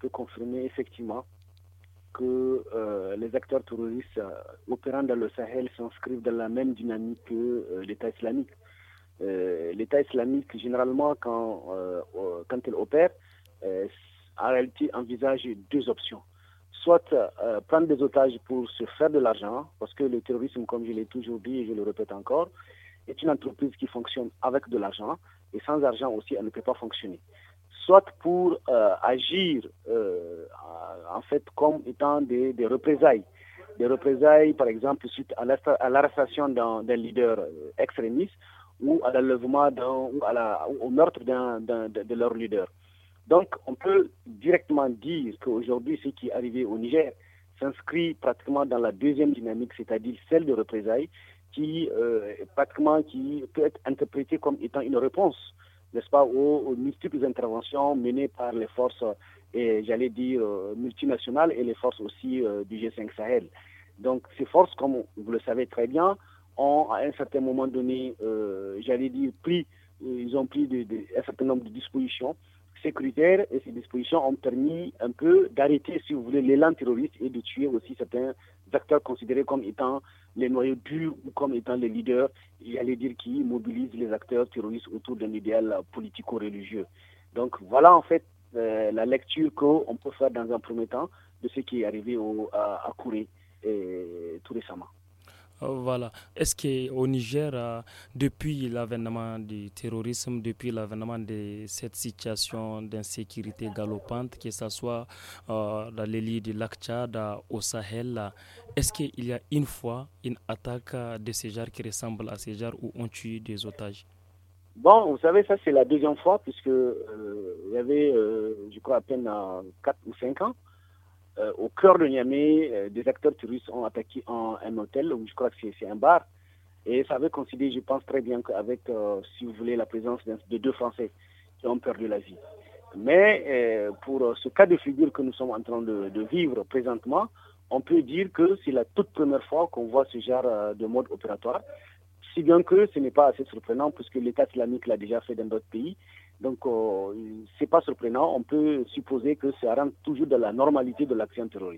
peut confirmer effectivement que euh, les acteurs terroristes euh, opérant dans le Sahel s'inscrivent dans la même dynamique que euh, l'État islamique. L'État islamique, généralement, quand, quand il opère, en réalité envisage deux options. Soit prendre des otages pour se faire de l'argent, parce que le terrorisme, comme je l'ai toujours dit et je le répète encore, est une entreprise qui fonctionne avec de l'argent, et sans argent aussi, elle ne peut pas fonctionner soit pour euh, agir euh, en fait comme étant des, représailles. Des représailles, par exemple, suite à l'arrestation d'un leader euh, extrémiste ou à l'enlèvement ou, au meurtre de, leur leader. Donc, on peut directement dire qu'aujourd'hui, ce qui est arrivé au Niger s'inscrit pratiquement dans la deuxième dynamique, c'est-à-dire celle de représailles, qui, pratiquement, qui peut être interprétée comme étant une réponse n'est-ce pas, aux, multiples interventions menées par les forces, euh, et j'allais dire, euh, multinationales et les forces aussi euh, du G5 Sahel. Donc ces forces, comme vous le savez très bien, ont à un certain moment donné, j'allais dire, pris, ils ont pris un certain nombre de dispositions critères et ces dispositions ont permis un peu d'arrêter, si vous voulez, l'élan terroriste et de tuer aussi certains acteurs considérés comme étant les noyaux durs ou comme étant les leaders, j'allais dire qui mobilisent les acteurs terroristes autour d'un idéal politico-religieux. Donc voilà en fait euh, la lecture qu'on peut faire dans un premier temps de ce qui est arrivé à, à euh, tout récemment. Euh, voilà. Est-ce qu'au Niger, euh, depuis l'avènement du terrorisme, depuis l'avènement de cette situation d'insécurité galopante, que ce soit euh, dans les lits du lac Tchad, au Sahel, est-ce qu'il y a une fois une attaque de ce genre qui ressemble à ce genre où on tue des otages Bon, vous savez, ça c'est la deuxième fois, puisque il y avait, je crois, à peine 4 ou 5 ans, euh, au cœur de Niamey, euh, des acteurs terroristes ont attaqué un, hôtel, ou je crois que c'est un bar. Et ça avait coïncidé, je pense très bien avec, euh, si vous voulez, la présence de deux Français qui ont perdu la vie. Mais pour ce cas de figure que nous sommes en train de vivre présentement, on peut dire que c'est la toute première fois qu'on voit ce genre de mode opératoire. Si bien que ce n'est pas assez surprenant puisque l'État islamique l'a déjà fait dans d'autres pays. Donc, euh, ce n'est pas surprenant. On peut supposer que ça rentre toujours dans la normalité de l'action terroriste.